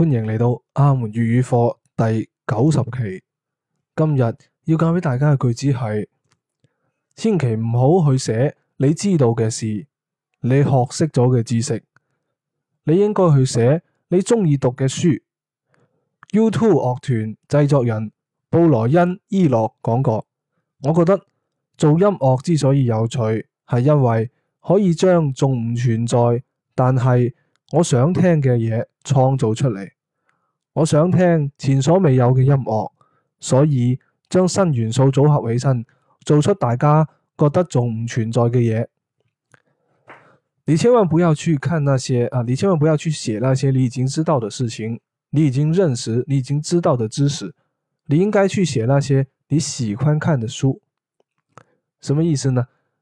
歡迎嚟到阿門粵語課第九十期。今日要教俾大家嘅句子係：千祈唔好去寫你知道嘅事，你學識咗嘅知識，你應該去寫你中意讀嘅書。U2 樂團製作人布萊恩·伊諾講過：我覺得做音樂之所以有趣，係因為可以將仲唔存在，但係，我想聽嘅嘢創造出嚟，我想聽前所未有嘅音樂，所以將新元素組合起身，做出大家覺得仲唔存在嘅嘢。你千萬不要去看那些啊！你千萬不要去寫那些你已經知道的事情，你已經認識、你已經知道的知識。你應該去寫那些你喜歡看的書。什麼意思呢？